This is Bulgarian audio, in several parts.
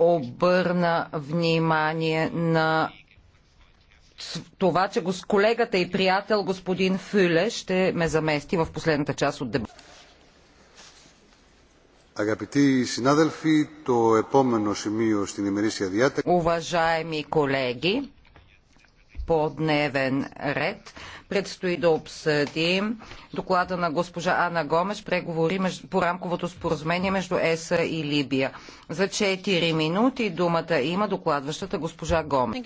обърна внимание на това, че го с колегата и приятел господин Фюле ще ме замести в последната част от дебата. Е Уважаеми колеги, по дневен ред. Предстои да обсъдим доклада на госпожа Ана Гомеш, преговори по рамковото споразумение между ЕСА и Либия. За 4 минути думата има докладващата госпожа Гомеш.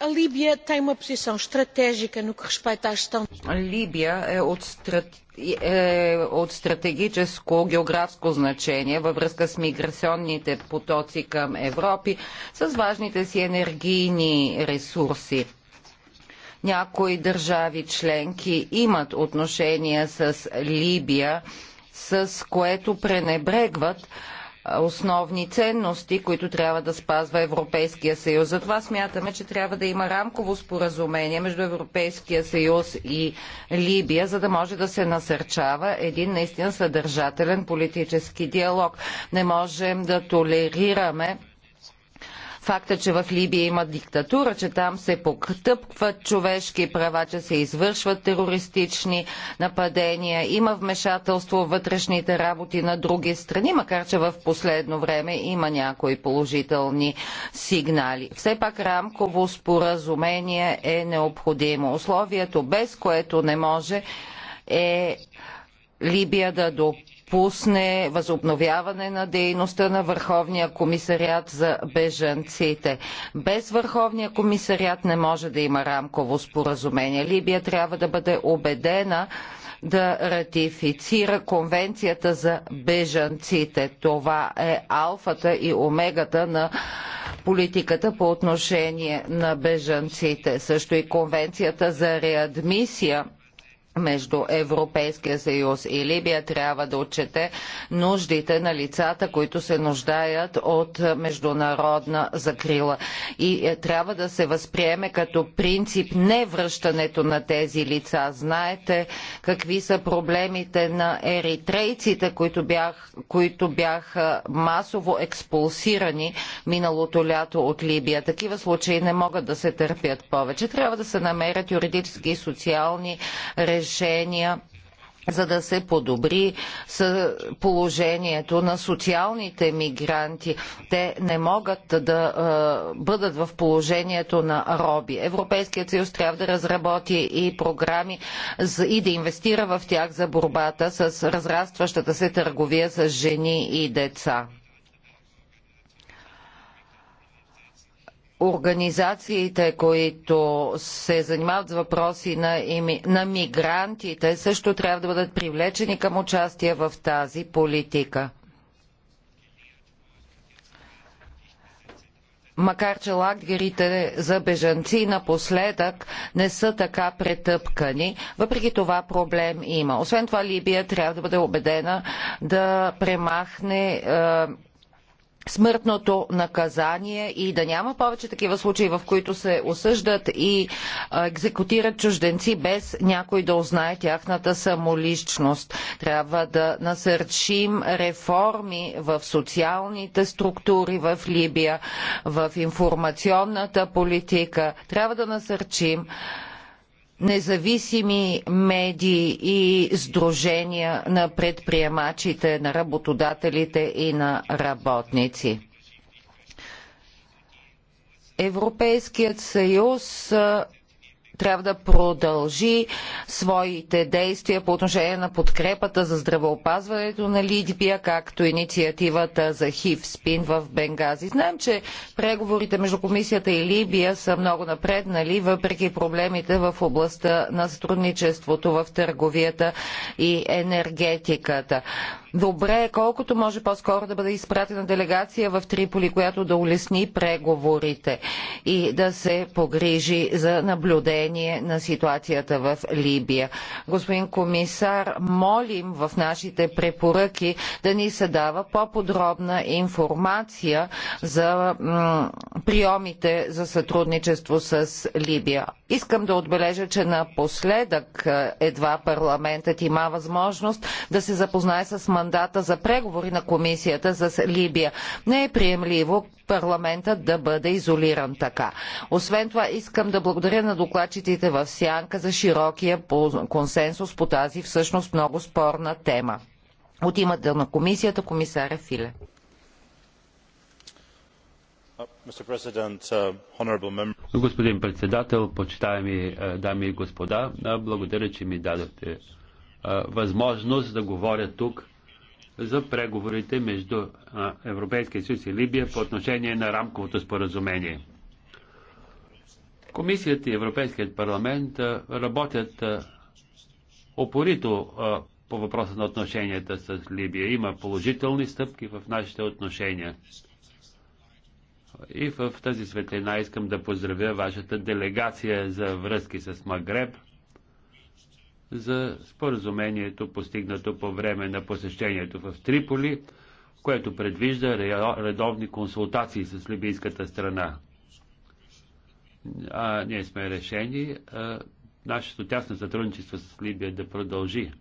A Líbia tem uma posição estratégica no que respeita à gestão. Либия е от, страт... е от стратегическо географско значение във връзка с миграционните потоци към Европи с важните си енергийни ресурси някои държави членки имат отношения с Либия, с което пренебрегват основни ценности, които трябва да спазва Европейския съюз. Затова смятаме, че трябва да има рамково споразумение между Европейския съюз и Либия, за да може да се насърчава един наистина съдържателен политически диалог. Не можем да толерираме Факта, че в Либия има диктатура, че там се потъпкват човешки права, че се извършват терористични нападения, има вмешателство в вътрешните работи на други страни, макар че в последно време има някои положителни сигнали. Все пак рамково споразумение е необходимо. Условието, без което не може, е Либия да допълни допусне възобновяване на дейността на Върховния комисариат за бежанците. Без Върховния комисариат не може да има рамково споразумение. Либия трябва да бъде убедена да ратифицира конвенцията за бежанците. Това е алфата и омегата на политиката по отношение на бежанците. Също и конвенцията за реадмисия между Европейския съюз и Либия трябва да отчете нуждите на лицата, които се нуждаят от международна закрила. И е, трябва да се възприеме като принцип не връщането на тези лица. Знаете какви са проблемите на еритрейците, които, бях, които бяха масово експулсирани миналото лято от Либия. Такива случаи не могат да се търпят повече. Трябва да се намерят юридически и социални режими решения за да се подобри положението на социалните мигранти. Те не могат да бъдат в положението на роби. Европейският съюз трябва да разработи и програми и да инвестира в тях за борбата с разрастващата се търговия с жени и деца. организациите, които се занимават с въпроси на, ими, на мигрантите, също трябва да бъдат привлечени към участие в тази политика. макар че лагерите за бежанци напоследък не са така претъпкани. Въпреки това проблем има. Освен това Либия трябва да бъде убедена да премахне е, смъртното наказание и да няма повече такива случаи, в които се осъждат и екзекутират чужденци без някой да узнае тяхната самоличност. Трябва да насърчим реформи в социалните структури в Либия, в информационната политика. Трябва да насърчим независими медии и сдружения на предприемачите, на работодателите и на работници. Европейският съюз трябва да продължи своите действия по отношение на подкрепата за здравеопазването на Лидбия, както инициативата за ХИВ спин в Бенгази. Знаем, че преговорите между комисията и Либия са много напреднали, въпреки проблемите в областта на сътрудничеството в търговията и енергетиката добре е колкото може по-скоро да бъде изпратена делегация в Триполи, която да улесни преговорите и да се погрижи за наблюдение на ситуацията в Либия. Господин комисар, молим в нашите препоръки да ни се дава по-подробна информация за приемите за сътрудничество с Либия. Искам да отбележа, че напоследък е, едва парламентът има възможност да се запознае с мандата за преговори на комисията за Либия. Не е приемливо парламентът да бъде изолиран така. Освен това искам да благодаря на докладчиците в Сянка за широкия консенсус по тази всъщност много спорна тема. От имата на комисията комисаря Филе. Uh, Господин председател, почитаеми uh, дами и господа, uh, благодаря, че ми дадохте възможност да говоря тук за преговорите между Европейския съюз и Либия по отношение на рамковото споразумение. Комисията и Европейският парламент работят опорито по въпроса на отношенията с Либия. Има положителни стъпки в нашите отношения. И в тази светлина искам да поздравя вашата делегация за връзки с Магреб – за споразумението, постигнато по време на посещението в Триполи, което предвижда редовни консултации с либийската страна. А ние сме решени а, нашето тясно сътрудничество с Либия да продължи.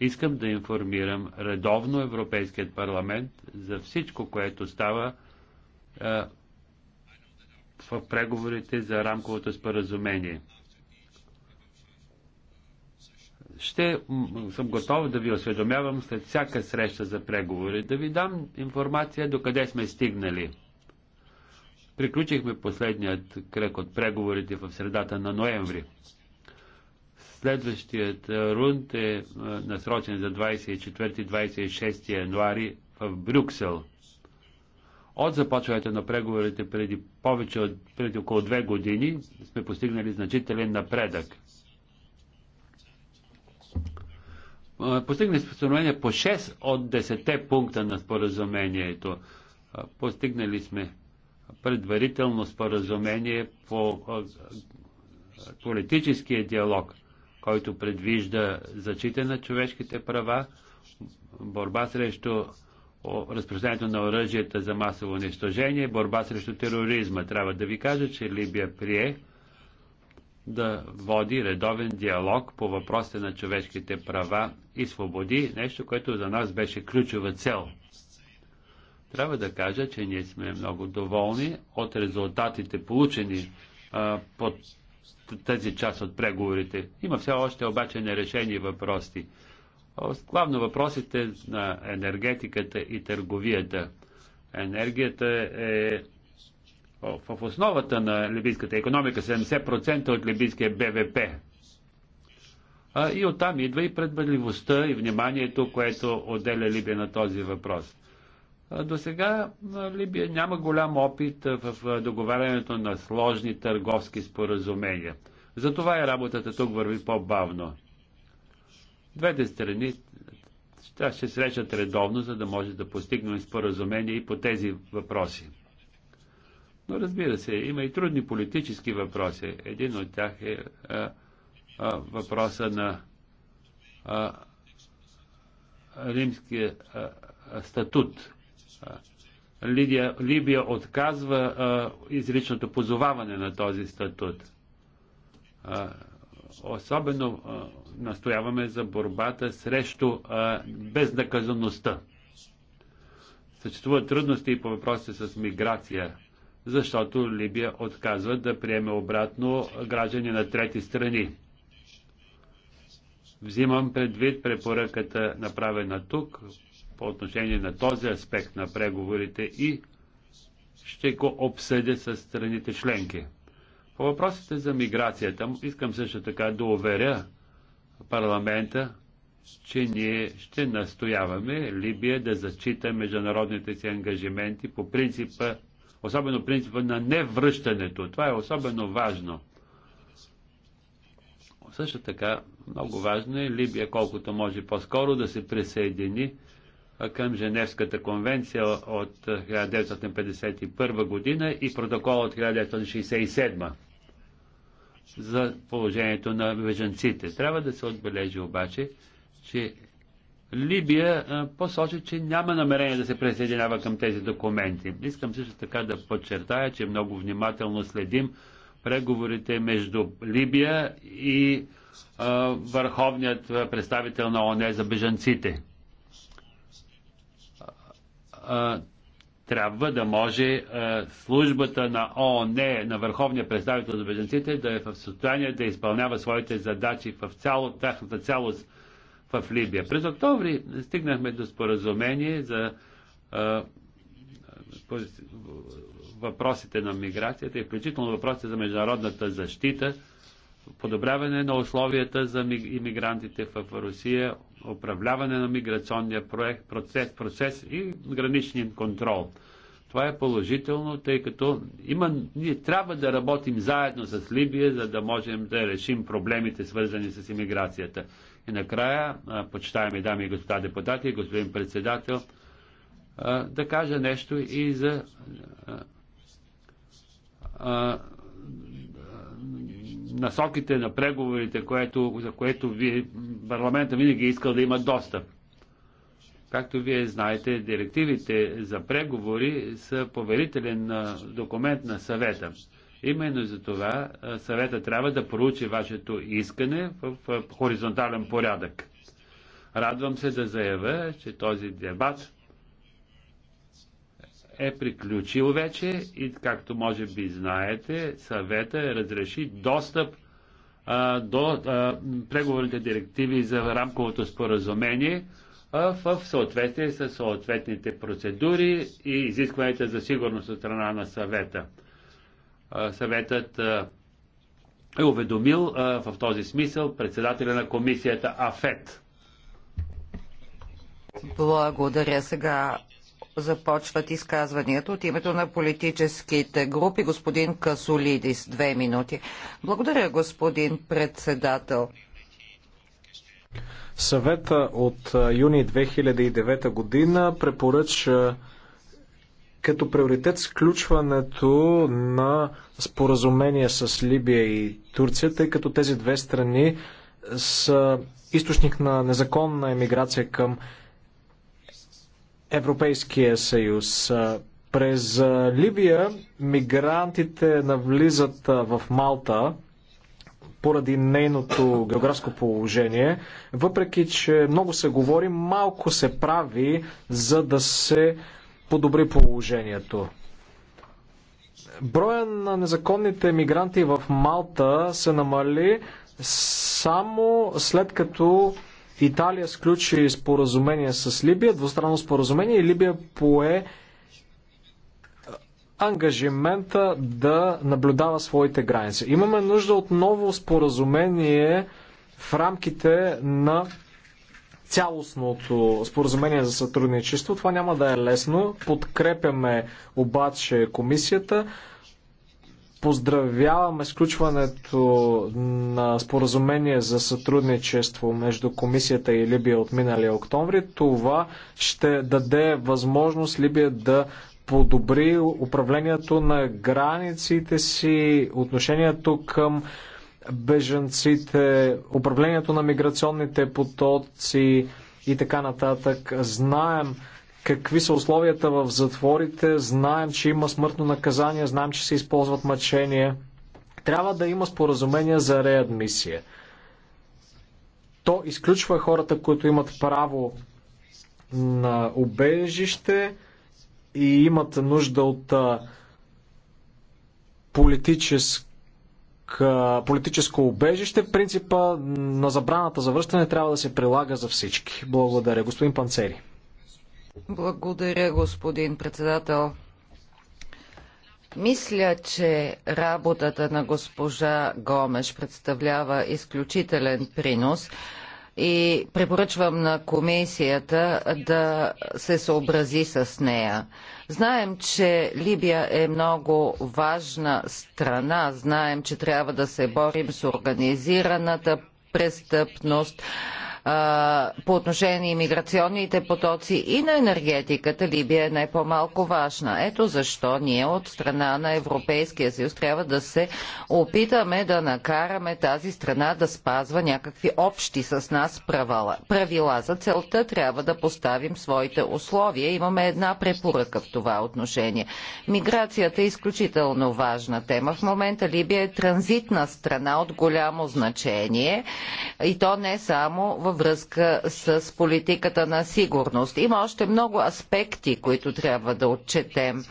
Искам да информирам редовно Европейският парламент за всичко, което става а, в преговорите за рамковото споразумение ще съм готов да ви осведомявам след всяка среща за преговори, да ви дам информация до къде сме стигнали. Приключихме последният кръг от преговорите в средата на ноември. Следващият рунд е насрочен за 24-26 януари в Брюксел. От започването на преговорите преди повече от преди около две години сме постигнали значителен напредък – постигне споразумение по 6 от 10 пункта на споразумението. Постигнали сме предварително споразумение по политическия диалог, който предвижда зачита на човешките права, борба срещу разпространението на оръжията за масово унищожение, борба срещу тероризма. Трябва да ви кажа, че Либия прие да води редовен диалог по въпросите на човешките права и свободи, нещо, което за нас беше ключова цел. Трябва да кажа, че ние сме много доволни от резултатите, получени а, под тази част от преговорите. Има все още обаче нерешени въпроси. Главно въпросите на енергетиката и търговията. Енергията е в основата на либийската економика, 70% от либийския БВП. А, и оттам идва и предбедливостта и вниманието, което отделя Либия на този въпрос. До сега Либия няма голям опит в договарянето на сложни търговски споразумения. Затова и работата тук върви по-бавно. Двете страни ще срещат редовно, за да може да постигнем споразумение и по тези въпроси. Но разбира се, има и трудни политически въпроси. Един от тях е а, а, въпроса на а, римския а, статут. Лидия, Либия отказва а, изричното позоваване на този статут. А, особено а, настояваме за борбата срещу а, безнаказаността. Съществуват трудности и по въпросите с миграция защото Либия отказва да приеме обратно граждани на трети страни. Взимам предвид препоръката направена тук по отношение на този аспект на преговорите и ще го обсъдя с страните членки. По въпросите за миграцията искам също така да уверя парламента, че ние ще настояваме Либия да зачита международните си ангажименти по принципа особено принципа на невръщането. Това е особено важно. Също така, много важно е Либия колкото може по-скоро да се присъедини към Женевската конвенция от 1951 година и протокол от 1967 за положението на беженците. Трябва да се отбележи обаче, че Либия посочи, че няма намерение да се присъединява към тези документи. Искам също така да подчертая, че много внимателно следим преговорите между Либия и а, върховният представител на ОНЕ за бежанците. А, трябва да може а, службата на ООН, на Върховния представител за бежанците, да е в състояние да изпълнява своите задачи в цяло, тяхната цялост в Либия. През октомври стигнахме до споразумение за въпросите на миграцията и включително въпросите за международната защита, подобряване на условията за иммигрантите в Русия, управляване на миграционния проект, процес, процес и граничен контрол. Това е положително, тъй като има, ние трябва да работим заедно с Либия, за да можем да решим проблемите, свързани с иммиграцията. И накрая, почитаеми дами и господа депутати, господин председател, да кажа нещо и за насоките на преговорите, което, за което ви парламента винаги е искал да има достъп. Както вие знаете, директивите за преговори са поверителен документ на съвета. Именно за това съвета трябва да проучи вашето искане в хоризонтален порядък. Радвам се да заявя, че този дебат е приключил вече и както може би знаете, съвета разреши достъп а, до а, преговорните директиви за рамковото споразумение а, в съответствие с съответните процедури и изискванията за сигурност от страна на съвета съветът е уведомил в този смисъл председателя на комисията АФЕТ. Благодаря. Сега започват изказванията от името на политическите групи. Господин Касолидис, две минути. Благодаря, господин председател. Съвета от юни 2009 година препоръча като приоритет сключването на споразумение с Либия и Турция, тъй като тези две страни са източник на незаконна емиграция към Европейския съюз. През Либия мигрантите навлизат в Малта поради нейното географско положение, въпреки че много се говори, малко се прави, за да се подобри положението. Броя на незаконните мигранти в Малта се намали само след като Италия сключи споразумение с Либия, двустранно споразумение и Либия пое е, ангажимента да наблюдава своите граници. Имаме нужда от ново споразумение в рамките на цялостното споразумение за сътрудничество. Това няма да е лесно. Подкрепяме обаче комисията. Поздравяваме сключването на споразумение за сътрудничество между комисията и Либия от миналия октомври. Това ще даде възможност Либия да подобри управлението на границите си, отношението към беженците, управлението на миграционните потоци и така нататък. Знаем какви са условията в затворите, знаем, че има смъртно наказание, знаем, че се използват мъчения. Трябва да има споразумение за реадмисия. То изключва хората, които имат право на убежище и имат нужда от политическа политическо убежище, принципа на забраната за връщане трябва да се прилага за всички. Благодаря. Господин Панцери. Благодаря, господин председател. Мисля, че работата на госпожа Гомеш представлява изключителен принос и препоръчвам на комисията да се съобрази с нея. Знаем, че Либия е много важна страна. Знаем, че трябва да се борим с организираната престъпност по отношение на иммиграционните потоци и на енергетиката Либия е не по-малко важна. Ето защо ние от страна на Европейския съюз трябва да се опитаме да накараме тази страна да спазва някакви общи с нас правила. правила. За целта трябва да поставим своите условия. Имаме една препоръка в това отношение. Миграцията е изключително важна тема. В момента Либия е транзитна страна от голямо значение и то не само в връзка с политиката на сигурност. Има още много аспекти, които трябва да отчетем.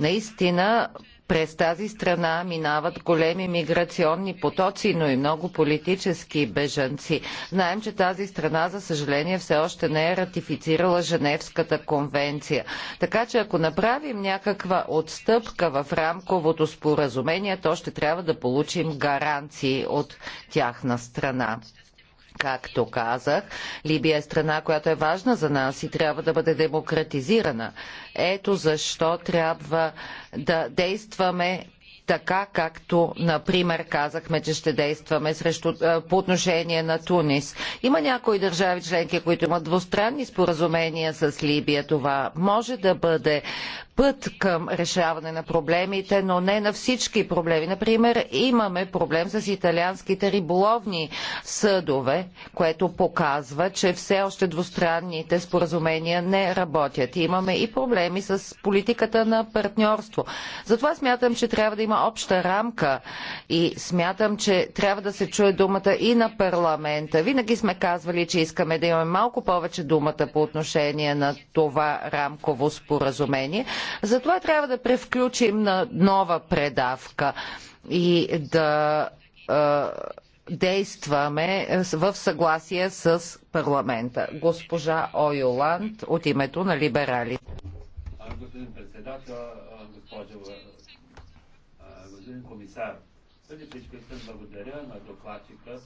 Наистина, през тази страна минават големи миграционни потоци, но и много политически бежанци. Знаем, че тази страна, за съжаление, все още не е ратифицирала Женевската конвенция. Така че ако направим някаква отстъпка в рамковото споразумение, то ще трябва да получим гаранции от тяхна страна. Както казах, Либия е страна, която е важна за нас и трябва да бъде демократизирана. Ето защо трябва да действаме така както, например, казахме, че ще действаме срещу, е, по отношение на Тунис. Има някои държави членки, които имат двустранни споразумения с Либия. Това може да бъде път към решаване на проблемите, но не на всички проблеми. Например, имаме проблем с италианските риболовни съдове, което показва, че все още двустранните споразумения не работят. имаме и проблеми с политиката на партньорство. Затова смятам, че трябва да има обща рамка и смятам, че трябва да се чуе думата и на парламента. Винаги сме казвали, че искаме да имаме малко повече думата по отношение на това рамково споразумение. Затова трябва да превключим на нова предавка и да действаме в съгласие с парламента. Госпожа Ойоланд от името на либерали. Господин председател, госпожо, господин комисар, преди всичко искам благодаря на докладчика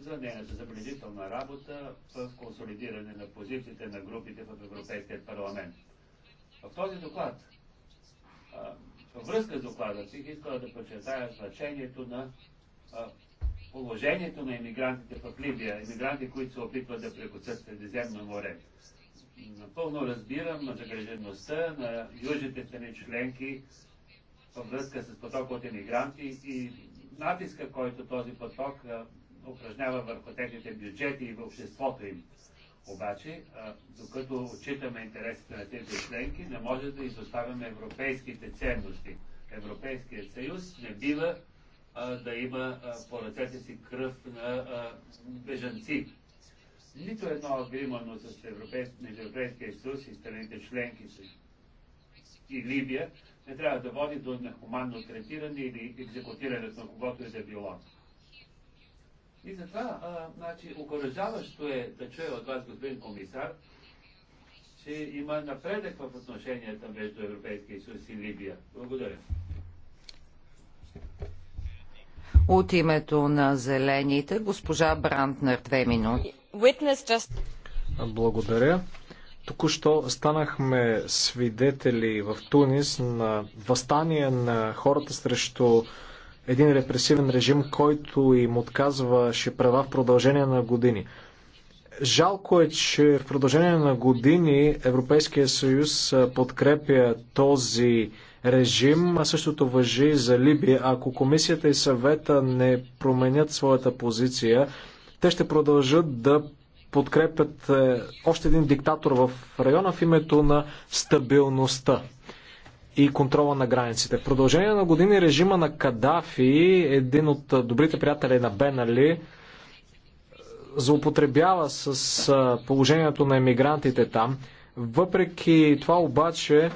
за нейната забележителна работа в консолидиране на позициите на групите в Европейския парламент. В този доклад, във връзка с доклада, бих искала да подчертая значението на положението на иммигрантите в Либия, иммигранти, които се опитват да прекусят Средиземно море. Напълно разбирам на загрежеността на южните страни членки във връзка с поток от иммигранти и натиска, който този поток упражнява върху техните бюджети и в обществото им. Обаче, докато отчитаме интересите на тези членки, не може да изоставяме европейските ценности. Европейският съюз не бива да има по ръцете си кръв на бежанци. Нито едно примерно с Европейския съюз и страните членки и Либия не трябва да води до нехуманно третиране или екзекутирането на когото и е да било. И затова, а, значи, окоръжаващо е да чуя от вас, господин комисар, че има напредък в отношенията между Европейския съюз и Либия. Благодаря. От името на Зелените, госпожа Брантнер, две минути. Благодаря. Току-що станахме свидетели в Тунис на възстание на хората срещу един репресивен режим, който им отказваше права в продължение на години. Жалко е, че в продължение на години Европейския съюз подкрепя този режим, а същото въжи за Либия. Ако комисията и съвета не променят своята позиция, те ще продължат да подкрепят още един диктатор в района в името на стабилността и контрола на границите. В продължение на години режима на Кадафи, един от добрите приятели на Бенали, злоупотребява с положението на емигрантите там. Въпреки това обаче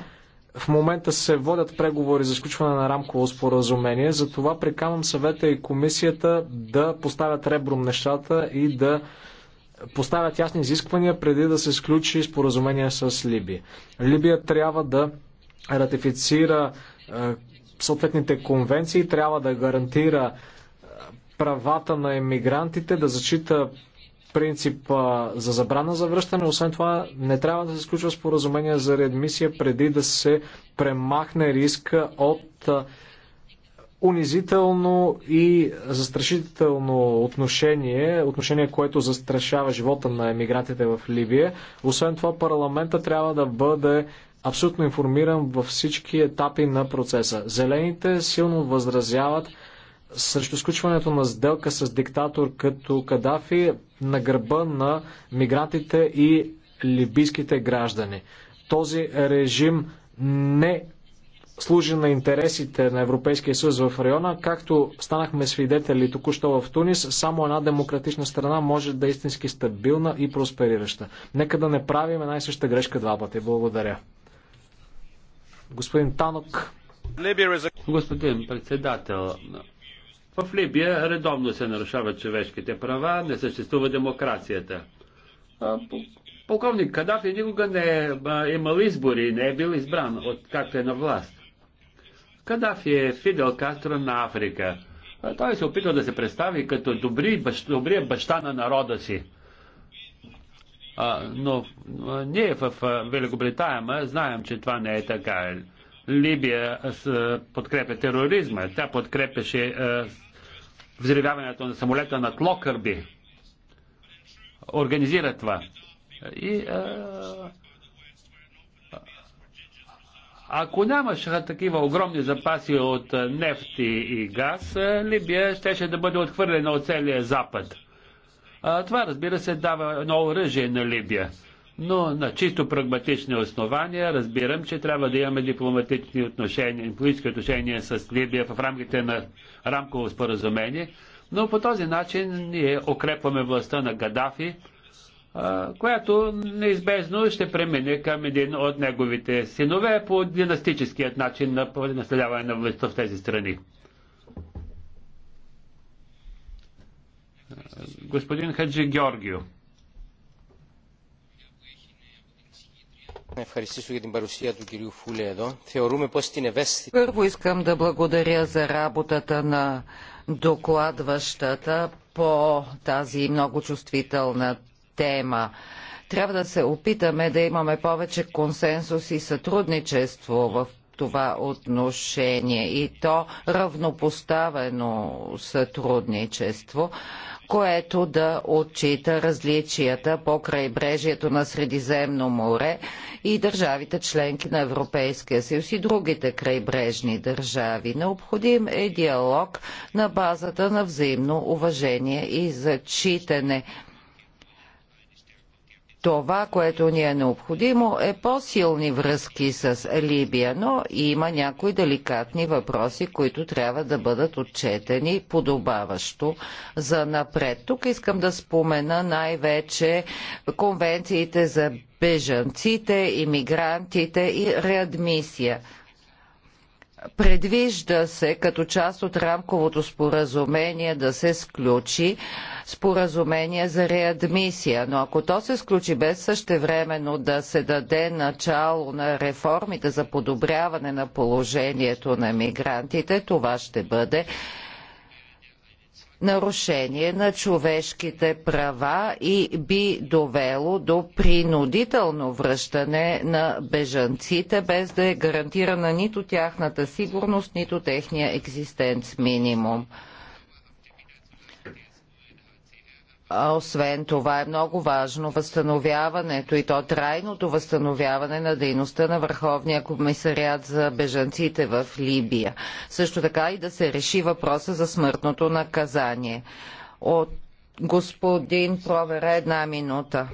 в момента се водят преговори за изключване на рамково споразумение, затова приканвам съвета и комисията да поставят ребром нещата и да поставят ясни изисквания преди да се сключи споразумение с Либия. Либия трябва да ратифицира съответните конвенции, трябва да гарантира правата на емигрантите, да зачита принципа за забрана за връщане. Освен това, не трябва да се изключва споразумение за реадмисия преди да се премахне риска от унизително и застрашително отношение, отношение, което застрашава живота на емигрантите в Ливия. Освен това, парламента трябва да бъде абсолютно информиран във всички етапи на процеса. Зелените силно възразяват срещу сключването на сделка с диктатор като Кадафи на гърба на мигрантите и либийските граждани. Този режим не служи на интересите на Европейския съюз в района, както станахме свидетели току-що в Тунис, само една демократична страна може да е истински стабилна и просперираща. Нека да не правим една и съща грешка два пъти. Благодаря. Господин Танок. Господин председател, в Либия редовно се нарушават човешките права, не съществува демокрацията. Полковник Кадафи никога не е имал избори, не е бил избран от както е на власт. Кадафи е Фидел Кастро на Африка. Той се опитва да се представи като добри, добрия баща на народа си но ние в Великобритания знаем, че това не е така. Либия подкрепя тероризма, тя подкрепяше взривяването на самолета на Локърби. Организира това. И а, ако нямаше такива огромни запаси от нефти и газ, Либия щеше да бъде отхвърлена от целия Запад. А, това, разбира се, дава едно оръжие на Либия. Но на чисто прагматични основания разбирам, че трябва да имаме дипломатични отношения, политически отношения с Либия в рамките на рамково споразумение, но по този начин ние укрепваме властта на Гадафи, която неизбежно ще премине към един от неговите синове по династическият начин на наследяване на властта в тези страни. Господин Хаджи Георгио. Първо искам да благодаря за работата на докладващата по тази много чувствителна тема. Трябва да се опитаме да имаме повече консенсус и сътрудничество в това отношение и то равнопоставено сътрудничество, което да отчита различията по крайбрежието на Средиземно море и държавите членки на Европейския съюз и другите крайбрежни държави. Необходим е диалог на базата на взаимно уважение и зачитане. Това, което ни е необходимо е по-силни връзки с Либия, но има някои деликатни въпроси, които трябва да бъдат отчетени подобаващо за напред. Тук искам да спомена най-вече конвенциите за бежанците, иммигрантите и реадмисия. Предвижда се като част от рамковото споразумение да се сключи споразумение за реадмисия, но ако то се сключи без същевременно да се даде начало на реформите за подобряване на положението на мигрантите, това ще бъде нарушение на човешките права и би довело до принудително връщане на бежанците, без да е гарантирана нито тяхната сигурност, нито техния екзистенц минимум. А освен това е много важно възстановяването и то трайното възстановяване на дейността на Върховния комисариат за бежанците в Либия. Също така и да се реши въпроса за смъртното наказание. От господин Провера една минута.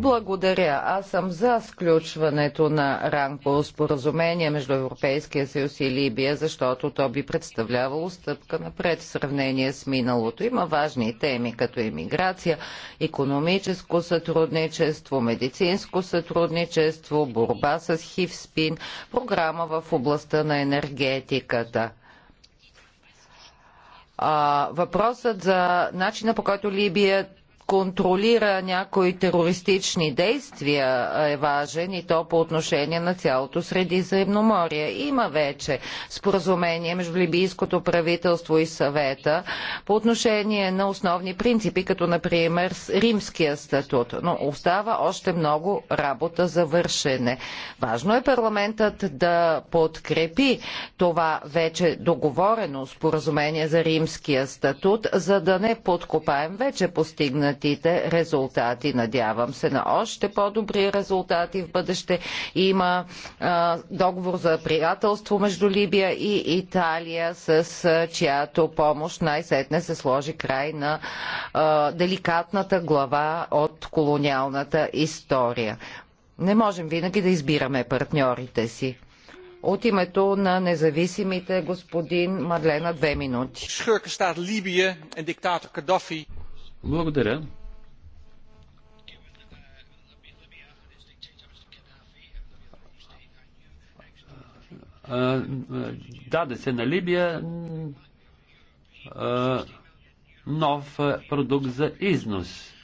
Благодаря. Аз съм за сключването на ранково споразумение между Европейския съюз и Либия, защото то би представлявало стъпка напред в сравнение с миналото. Има важни теми като иммиграция, економическо сътрудничество, медицинско сътрудничество, борба с хивспин, програма в областта на енергетиката. А, въпросът за начина по който Либия контролира някои терористични действия е важен и то по отношение на цялото Средиземноморие. Има вече споразумение между либийското правителство и съвета по отношение на основни принципи, като например римския статут. Но остава още много работа за вършене. Важно е парламентът да подкрепи това вече договорено споразумение за римския статут, за да не подкопаем вече постигнати постигнатите резултати. Надявам се на още по-добри резултати в бъдеще. Има а, договор за приятелство между Либия и Италия, с а, чиято помощ най-сетне се сложи край на а, деликатната глава от колониалната история. Не можем винаги да избираме партньорите си. От името на независимите господин Мадлена две минути. Благодаря. даде се на Либия нов продукт за износ.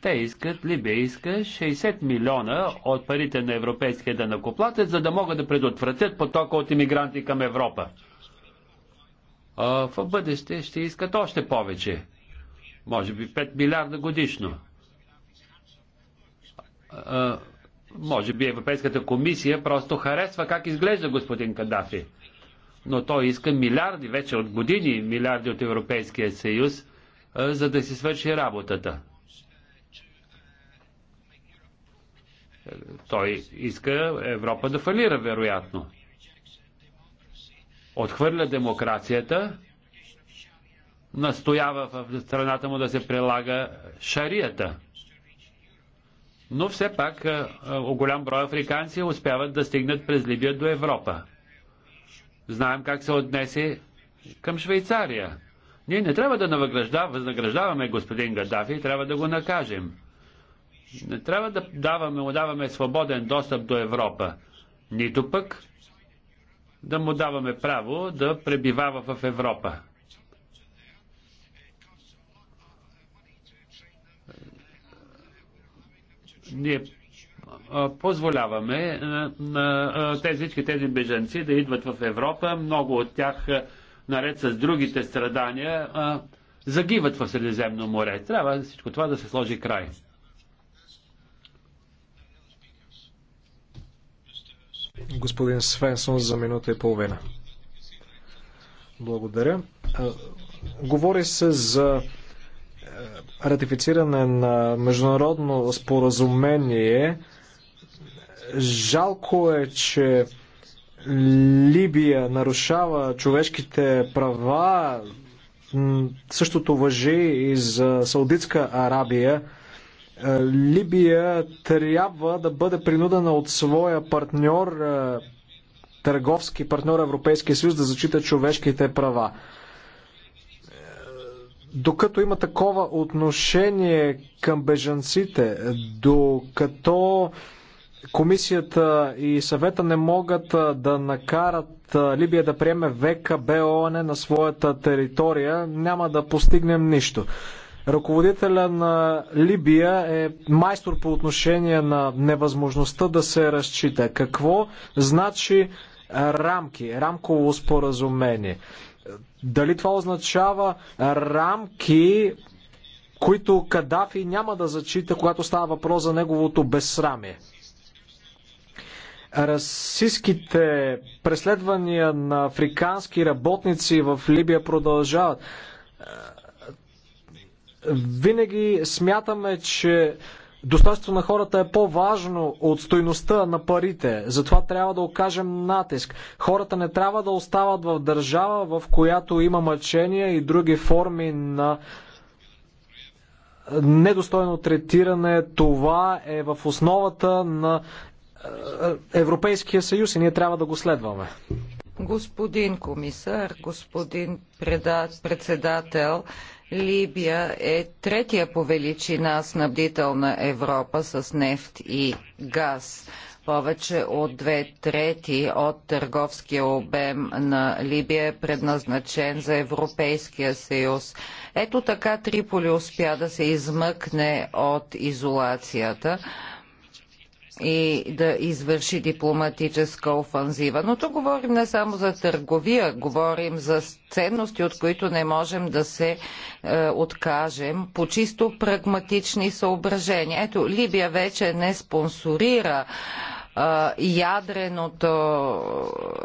Те искат, Либия иска 60 милиона от парите на европейския накоплатят, за да могат да предотвратят потока от иммигранти към Европа. В бъдеще ще искат още повече може би 5 милиарда годишно. А, може би Европейската комисия просто харесва как изглежда господин Кадафи. Но той иска милиарди, вече от години милиарди от Европейския съюз, а, за да си свърши работата. Той иска Европа да фалира, вероятно. Отхвърля демокрацията настоява в страната му да се прилага шарията. Но все пак е, е, голям брой африканци успяват да стигнат през Либия до Европа. Знаем как се отнесе към Швейцария. Ние не трябва да възнаграждаваме господин Гадафи, трябва да го накажем. Не трябва да даваме, му даваме свободен достъп до Европа, нито пък да му даваме право да пребивава в Европа. ние позволяваме на тези, всички тези беженци да идват в Европа. Много от тях, наред с другите страдания, загиват в Средиземно море. Трябва всичко това да се сложи край. Господин Свенсон за минута и половина. Благодаря. Говори се за ратифициране на международно споразумение. Жалко е, че Либия нарушава човешките права. Същото въжи и за Саудитска Арабия. Е, Либия трябва да бъде принудена от своя партньор, е, търговски партньор Европейския съюз, да зачита човешките права докато има такова отношение към бежанците, докато комисията и съвета не могат да накарат Либия да приеме века БОН на своята територия, няма да постигнем нищо. Ръководителя на Либия е майстор по отношение на невъзможността да се разчита. Какво значи рамки, рамково споразумение? Дали това означава рамки, които Кадафи няма да зачита, когато става въпрос за неговото безсрамие? Расистските преследвания на африкански работници в Либия продължават. Винаги смятаме, че Достоинството на хората е по-важно от стойността на парите. Затова трябва да окажем натиск. Хората не трябва да остават в държава, в която има мъчения и други форми на недостойно третиране. Това е в основата на е, Европейския съюз и ние трябва да го следваме. Господин комисар, господин председател, Либия е третия по величина снабдител на Европа с нефт и газ. Повече от две трети от търговския обем на Либия е предназначен за Европейския съюз. Ето така Триполи успя да се измъкне от изолацията и да извърши дипломатическа офанзива. Но тук говорим не само за търговия, говорим за ценности, от които не можем да се е, откажем по чисто прагматични съображения. Ето, Либия вече не спонсорира е, ядреното,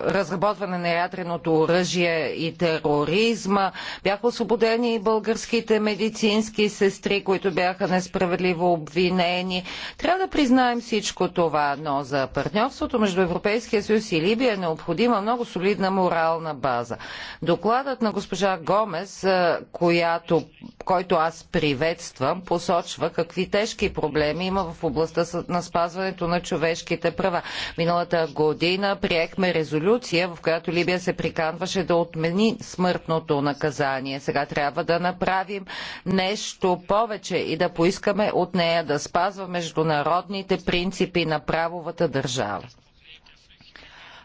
разработване на ядреното оръжие и тероризма. Бяха освободени и българските медицински сестри, които бяха несправедливо обвинени. Трябва да признаем всичко това, но за партньорството между Европейския съюз и Либия е необходима много солидна морална база. Докладът на госпожа Гомес, която, който аз приветствам, посочва какви тежки проблеми има в областта на спазването на човешките права права. Миналата година приехме резолюция, в която Либия се приканваше да отмени смъртното наказание. Сега трябва да направим нещо повече и да поискаме от нея да спазва международните принципи на правовата държава.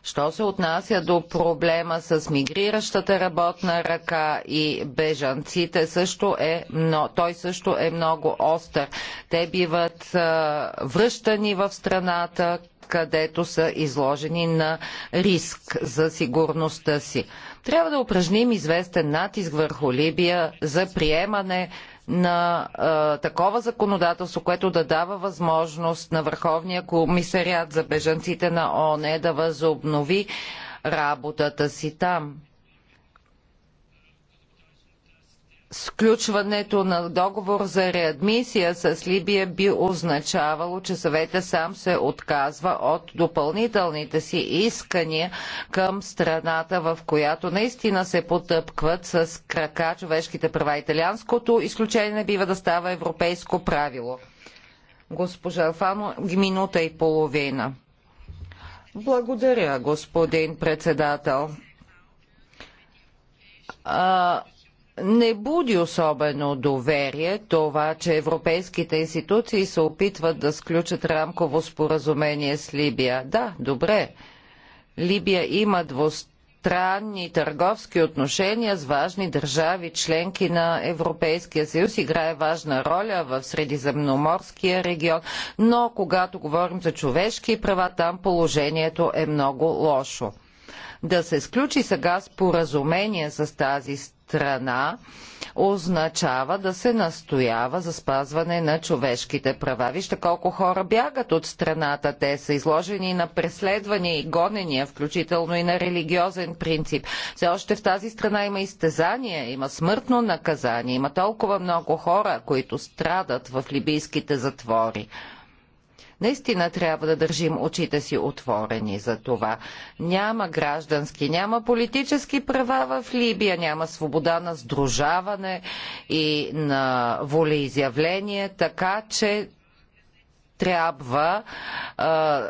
Що се отнася до проблема с мигриращата работна ръка и бежанците, също е, но, той също е много остър. Те биват а, връщани в страната, където са изложени на риск за сигурността си. Трябва да упражним известен натиск върху Либия за приемане на а, такова законодателство, което да дава възможност на Върховния комисариат за бежанците на ОНЕ да възобнови работата си там. сключването на договор за реадмисия с Либия би означавало, че съвета сам се отказва от допълнителните си искания към страната, в която наистина се потъпкват с крака човешките права. Италианското изключение не бива да става европейско правило. Госпожа Фано, минута и половина. Благодаря, господин председател. А не буди особено доверие това, че европейските институции се опитват да сключат рамково споразумение с Либия. Да, добре. Либия има двустранни търговски отношения с важни държави, членки на Европейския съюз, играе важна роля в Средиземноморския регион, но когато говорим за човешки права, там положението е много лошо. Да се сключи сега споразумение с тази страна означава да се настоява за спазване на човешките права. Вижте колко хора бягат от страната. Те са изложени на преследвания и гонения, включително и на религиозен принцип. Все още в тази страна има изтезания, има смъртно наказание, има толкова много хора, които страдат в либийските затвори. Наистина трябва да държим очите си отворени за това. Няма граждански, няма политически права в Либия, няма свобода на сдружаване и на волеизявление, така че трябва а,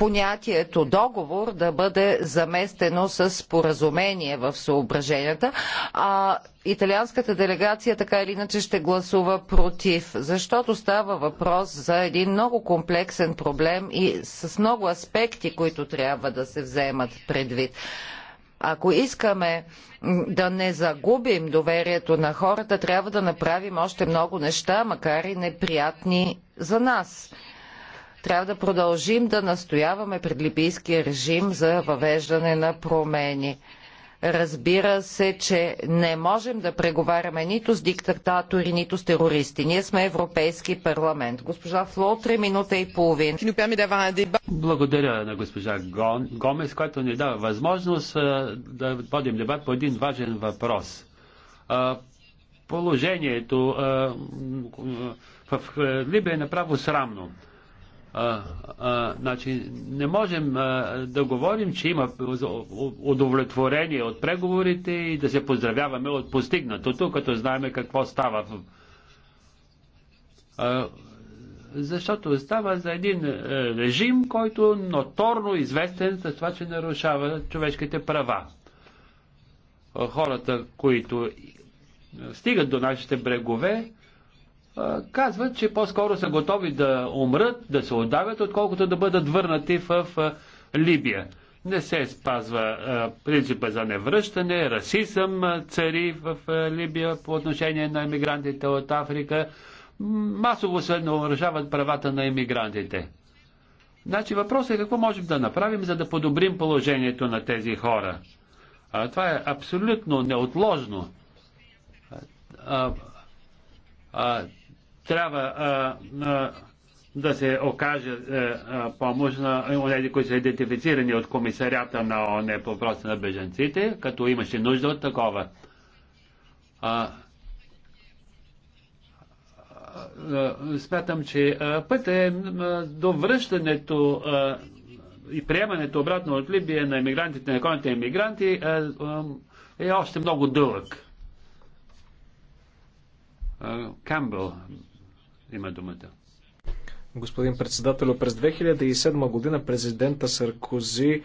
понятието договор да бъде заместено с споразумение в съображенията, а италианската делегация така или иначе ще гласува против, защото става въпрос за един много комплексен проблем и с много аспекти, които трябва да се вземат предвид. Ако искаме да не загубим доверието на хората, трябва да направим още много неща, макар и неприятни за нас. Трябва да продължим да настояваме пред либийския режим за въвеждане на промени. Разбира се, че не можем да преговаряме нито с диктатори, нито с терористи. Ние сме Европейски парламент. Госпожа три минута и половин. Благодаря на госпожа Гомес, която ни дава възможност да водим дебат по един важен въпрос. Положението в Либия е направо срамно. А, а, значи, не можем а, да говорим, че има удовлетворение от преговорите и да се поздравяваме от постигнатото, като знаеме какво става. А, защото става за един е, режим, който ноторно известен за това, че нарушава човешките права. Хората, които стигат до нашите брегове, казват, че по-скоро са готови да умрат, да се отдавят, отколкото да бъдат върнати в Либия. Не се спазва принципа за невръщане, расизъм цари в Либия по отношение на емигрантите от Африка. Масово се наоръжават правата на емигрантите. Значи въпросът е какво можем да направим, за да подобрим положението на тези хора. А, това е абсолютно неотложно. а, а, трябва а, а, да се окаже е, а, помощ на тези, които са идентифицирани от комисарята на ООН по въпроса на беженците, като имаше нужда от такова. А, смятам, че път е до връщането и приемането обратно от Либия на емигрантите, на конните емигранти е, е, е още много дълъг. Камбъл има думата. Господин председател, през 2007 година президента Саркози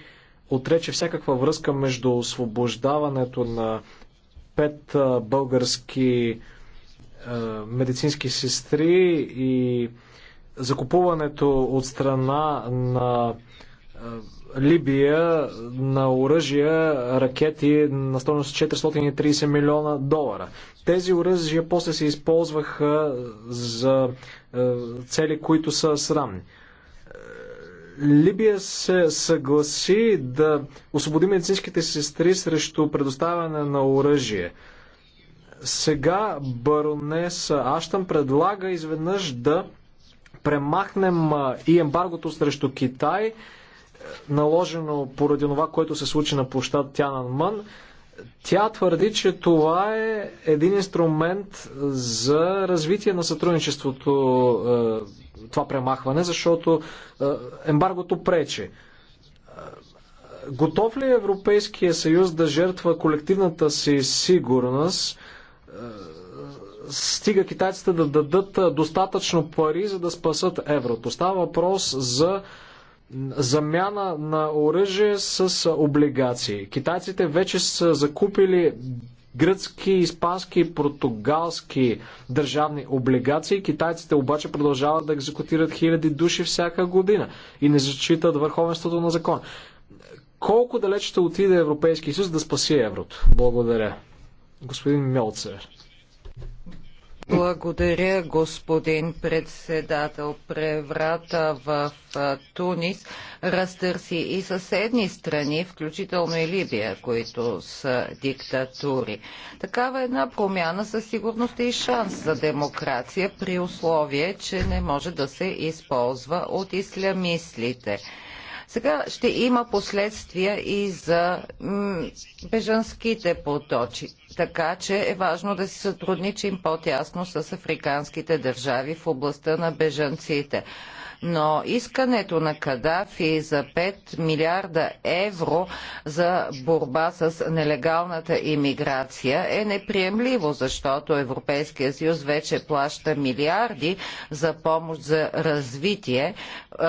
отрече всякаква връзка между освобождаването на пет български медицински сестри и закупуването от страна на Либия на оръжия, ракети на стоеност 430 милиона долара. Тези оръжия после се използваха за е, цели, които са срамни. Либия се съгласи да освободи медицинските сестри срещу предоставяне на оръжие. Сега баронеса Аштан предлага изведнъж да премахнем и ембаргото срещу Китай, наложено поради това, което се случи на площад Мън, Тя твърди, че това е един инструмент за развитие на сътрудничеството, е, това премахване, защото е, ембаргото пречи. Е, готов ли е Европейския съюз да жертва колективната си сигурност, стига китайците да дадат достатъчно пари, за да спасат еврото? Става въпрос за замяна на оръжие с облигации. Китайците вече са закупили гръцки, испански, португалски държавни облигации. Китайците обаче продължават да екзекутират хиляди души всяка година и не зачитат върховенството на закон. Колко далеч ще отиде Европейски съюз да спаси еврото? Благодаря. Господин Мелцер. Благодаря, господин председател. Преврата в Тунис разтърси и съседни страни, включително и Либия, които са диктатури. Такава една промяна със сигурност е и шанс за демокрация при условие, че не може да се използва от ислямистлите. Сега ще има последствия и за бежанските поточи, така че е важно да си сътрудничим по-тясно с африканските държави в областта на бежанците но искането на Кадафи за 5 милиарда евро за борба с нелегалната иммиграция е неприемливо, защото Европейския съюз вече плаща милиарди за помощ за развитие,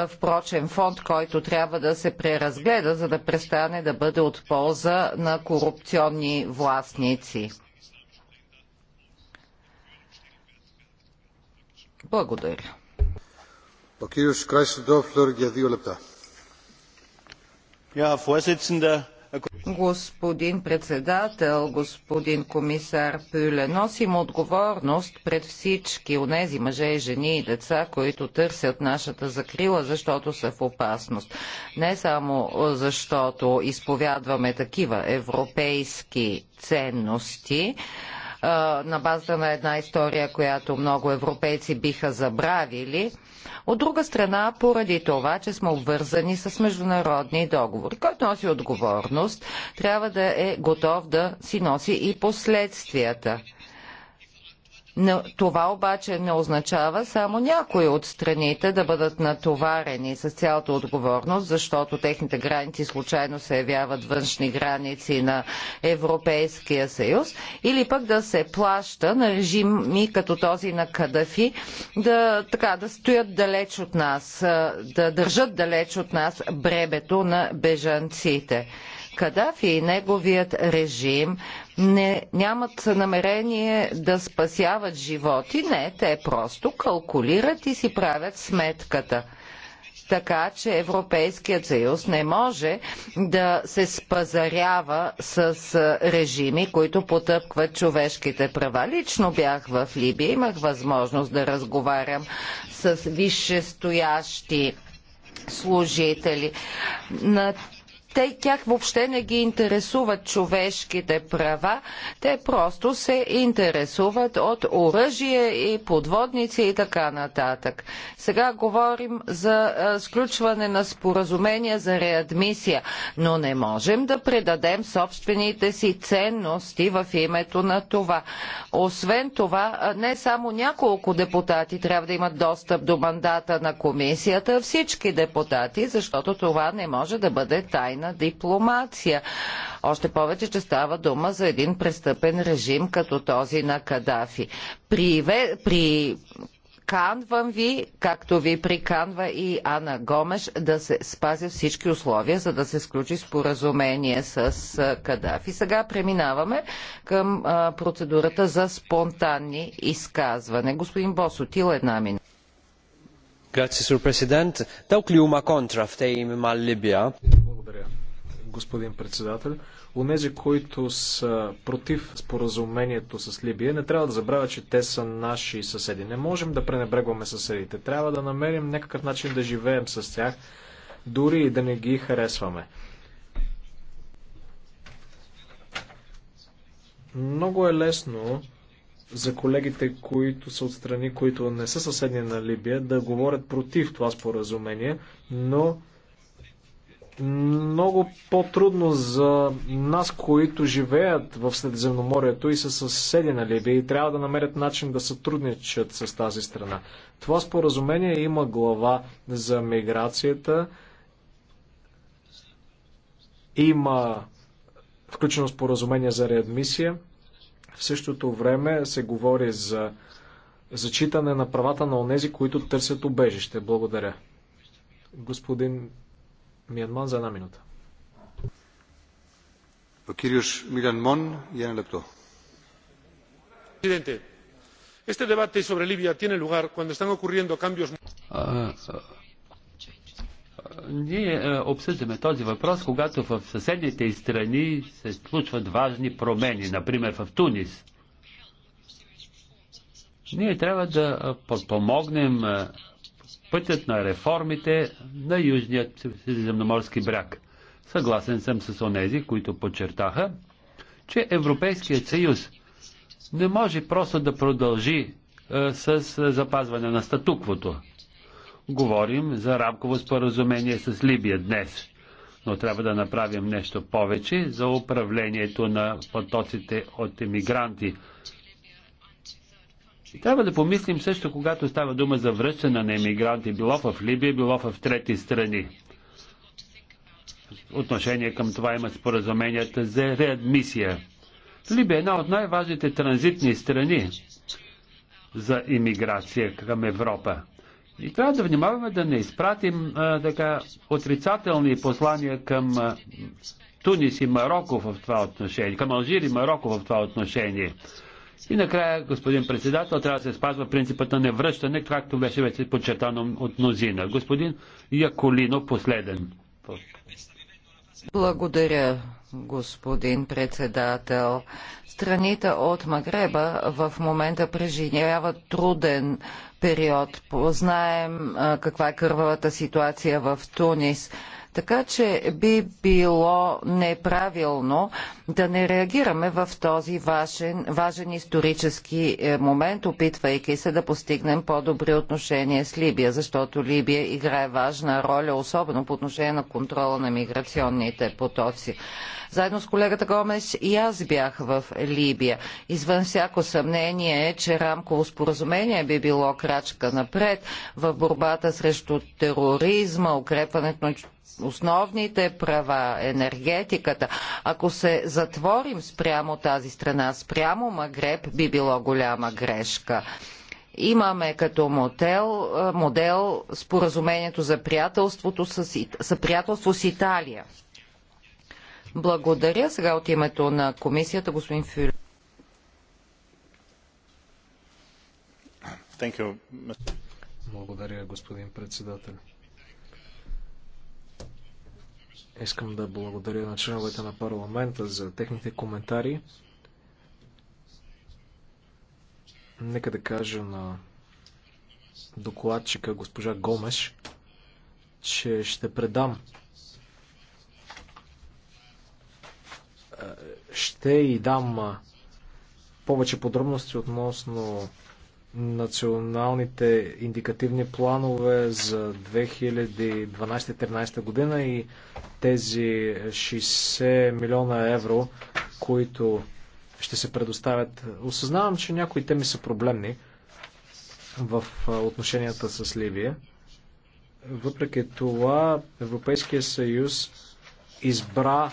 впрочем фонд, който трябва да се преразгледа, за да престане да бъде от полза на корупционни властници. Благодаря. Господин председател, господин комисар Пюле, носим отговорност пред всички онези мъже, и жени и деца, които търсят нашата закрила, защото са в опасност. Не само защото изповядваме такива европейски ценности, на базата на една история, която много европейци биха забравили. От друга страна, поради това, че сме обвързани с международни договори, който носи отговорност, трябва да е готов да си носи и последствията. Но това обаче не означава само някои от страните да бъдат натоварени с цялата отговорност, защото техните граници случайно се явяват външни граници на Европейския съюз, или пък да се плаща на режими като този на Кадафи, да, така, да стоят далеч от нас, да държат далеч от нас бребето на бежанците. Кадафи и неговият режим не, нямат намерение да спасяват животи. Не, те просто калкулират и си правят сметката така че Европейският съюз не може да се спазарява с режими, които потъпкват човешките права. Лично бях в Либия, имах възможност да разговарям с висшестоящи служители. На те, тях въобще не ги интересуват човешките права, те просто се интересуват от оръжие и подводници и така нататък. Сега говорим за а, сключване на споразумения за реадмисия, но не можем да предадем собствените си ценности в името на това. Освен това, не само няколко депутати трябва да имат достъп до мандата на комисията, всички депутати, защото това не може да бъде тайна военна дипломация. Още повече, че става дума за един престъпен режим, като този на Кадафи. При, при Канвам ви, както ви приканва и Ана Гомеш, да се спазят всички условия, за да се сключи споразумение с Кадафи. Сега преминаваме към процедурата за спонтанни изказване. Господин Босотил, една минута. Grazzi, Sur Благодаря, господин председател. Онези, които са против споразумението с Либия, не трябва да забравят, че те са наши съседи. Не можем да пренебрегваме съседите. Трябва да намерим някакъв начин да живеем с тях, дори и да не ги харесваме. Много е лесно за колегите, които са от страни, които не са съседни на Либия, да говорят против това споразумение, но много по-трудно за нас, които живеят в Средиземноморието и са съседи на Либия и трябва да намерят начин да сътрудничат с тази страна. Това споразумение има глава за миграцията, има включено споразумение за реадмисия, в същото време се говори за зачитане на правата на онези, които търсят убежище. Благодаря. Господин Миянман за една минута. Миянман, Лепто. Президенте, este debate sobre Libia tiene lugar cuando están ocurriendo cambios ние е, обсъждаме този въпрос, когато в съседните страни се случват важни промени, например в Тунис. Ние трябва да е, подпомогнем е, пътят на реформите на Южният Средиземноморски бряг. Съгласен съм с онези, които подчертаха, че Европейският съюз не може просто да продължи с запазване на статуквото. Говорим за рамково споразумение с Либия днес, но трябва да направим нещо повече за управлението на потоците от емигранти. Трябва да помислим също, когато става дума за връщане на емигранти, било в Либия, било в трети страни. Отношение към това имат споразуменията за реадмисия. Либия е една от най-важните транзитни страни за иммиграция към Европа. И трябва да внимаваме да не изпратим а, така отрицателни послания към а, Тунис и Марокко в това отношение, към Алжир и Марокко в това отношение. И накрая, господин председател, трябва да се спазва принципът на невръщане, както беше вече подчертано от мнозина. Господин Яколино, последен. Благодаря, господин председател. Страните от Магреба в момента преживяват труден период. Знаем каква е кървавата ситуация в Тунис. Така че би било неправилно да не реагираме в този важен, важен исторически е, момент, опитвайки се да постигнем по-добри отношения с Либия, защото Либия играе важна роля, особено по отношение на контрола на миграционните потоци. Заедно с колегата Гомес и аз бях в Либия. Извън всяко съмнение е, че рамково споразумение би било крачка напред в борбата срещу тероризма, укрепването на основните права, енергетиката. Ако се затворим спрямо тази страна, спрямо Магреб, би било голяма грешка имаме като модел, модел споразумението за приятелството с, за приятелство с Италия. Благодаря. Сега от името на комисията, господин Фюр. Благодаря, господин председател. Искам да благодаря на членовете на парламента за техните коментари. Нека да кажа на докладчика госпожа Гомеш, че ще предам Ще и дам повече подробности относно националните индикативни планове за 2012-2013 година и тези 60 милиона евро, които ще се предоставят. Осъзнавам, че някои теми са проблемни в отношенията с Ливия. Въпреки това, Европейския съюз избра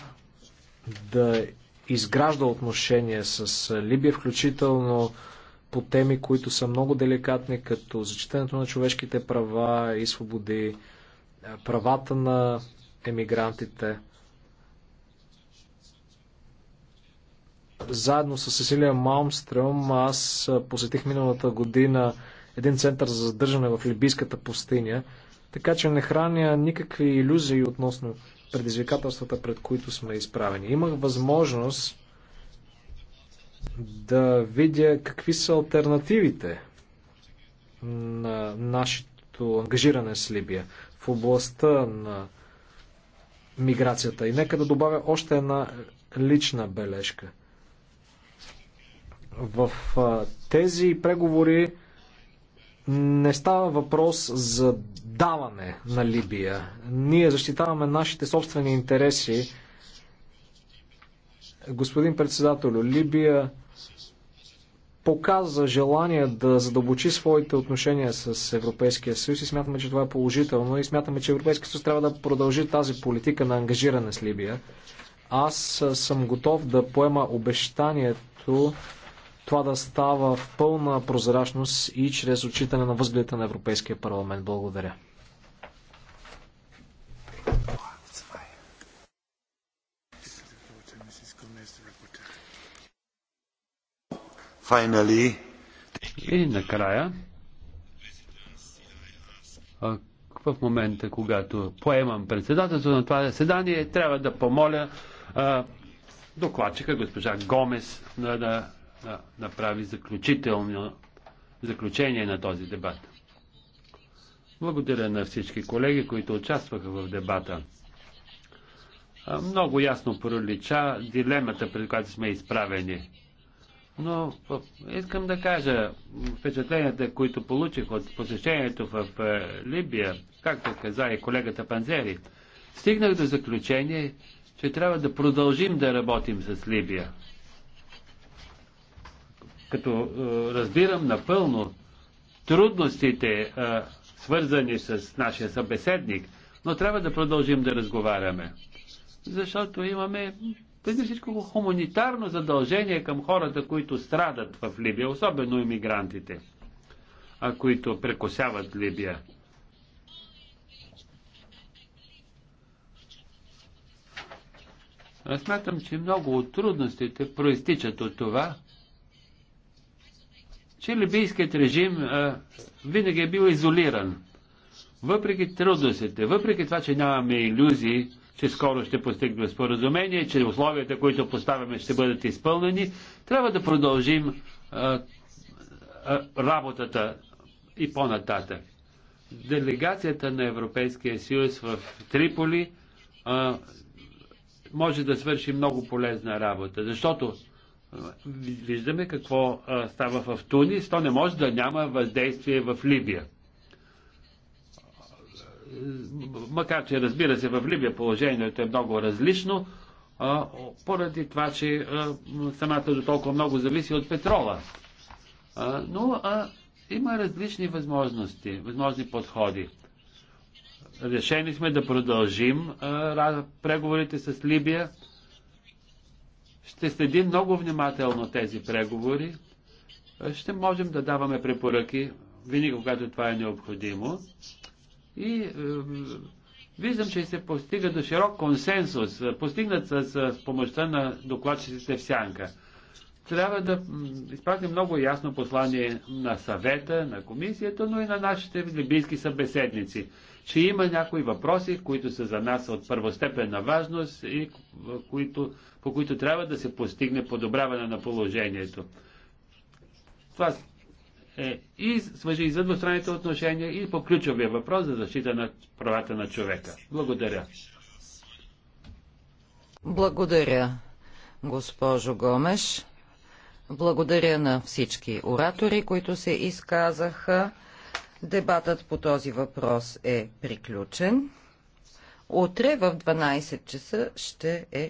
да изгражда отношения с Либия, включително по теми, които са много деликатни, като зачитането на човешките права и свободи, е, правата на емигрантите. Заедно с Сесилия Малмстрем аз посетих миналата година един център за задържане в Либийската пустиня, така че не храня никакви иллюзии относно предизвикателствата, пред които сме изправени. Имах възможност да видя какви са альтернативите на нашето ангажиране с Либия в областта на миграцията. И нека да добавя още една лична бележка. В тези преговори не става въпрос за даване на Либия. Ние защитаваме нашите собствени интереси. Господин председател, Либия показа желание да задълбочи своите отношения с Европейския съюз и смятаме, че това е положително и смятаме, че Европейския съюз трябва да продължи тази политика на ангажиране с Либия. Аз съм готов да поема обещанието това да става в пълна прозрачност и чрез отчитане на възгледите на Европейския парламент. Благодаря. Finally. И накрая, в момента, когато поемам председателство на това заседание, трябва да помоля докладчика госпожа Гомес да, да направи заключително заключение на този дебат. Благодаря на всички колеги, които участваха в дебата. Много ясно пролича дилемата, пред която сме изправени. Но искам да кажа впечатленията, които получих от посещението в Либия, както каза и колегата Панзери, стигнах до заключение, че трябва да продължим да работим с Либия като е, разбирам напълно трудностите, е, свързани с нашия събеседник, но трябва да продължим да разговаряме. Защото имаме преди всичко хуманитарно задължение към хората, които страдат в Либия, особено иммигрантите, а които прекосяват Либия. Аз смятам, че много от трудностите проистичат от това, че либийският режим а, винаги е бил изолиран. Въпреки трудностите, въпреки това, че нямаме иллюзии, че скоро ще постигнем споразумение, че условията, които поставяме, ще бъдат изпълнени, трябва да продължим а, а, работата и по-нататък. Делегацията на Европейския съюз в Триполи а, може да свърши много полезна работа, защото Виждаме какво става в Тунис. То не може да няма въздействие в Либия. Макар, че разбира се, в Либия положението е много различно, поради това, че самата до толкова много зависи от петрола. Но има различни възможности, възможни подходи. Решени сме да продължим а, преговорите с Либия. Ще следим много внимателно тези преговори. Ще можем да даваме препоръки винаги, когато това е необходимо. И е, виждам, че се постига до широк консенсус, постигнат с, с помощта на докладчиците в Сянка. Трябва да изпратим много ясно послание на съвета, на комисията, но и на нашите либийски събеседници че има някои въпроси, които са за нас от първостепенна важност и които, по които трябва да се постигне подобряване на положението. Това е и свържи и за двустранните отношения, и по ключовия въпрос за защита на правата на човека. Благодаря. Благодаря, госпожо Гомеш. Благодаря на всички оратори, които се изказаха. Дебатът по този въпрос е приключен. Утре в 12 часа ще е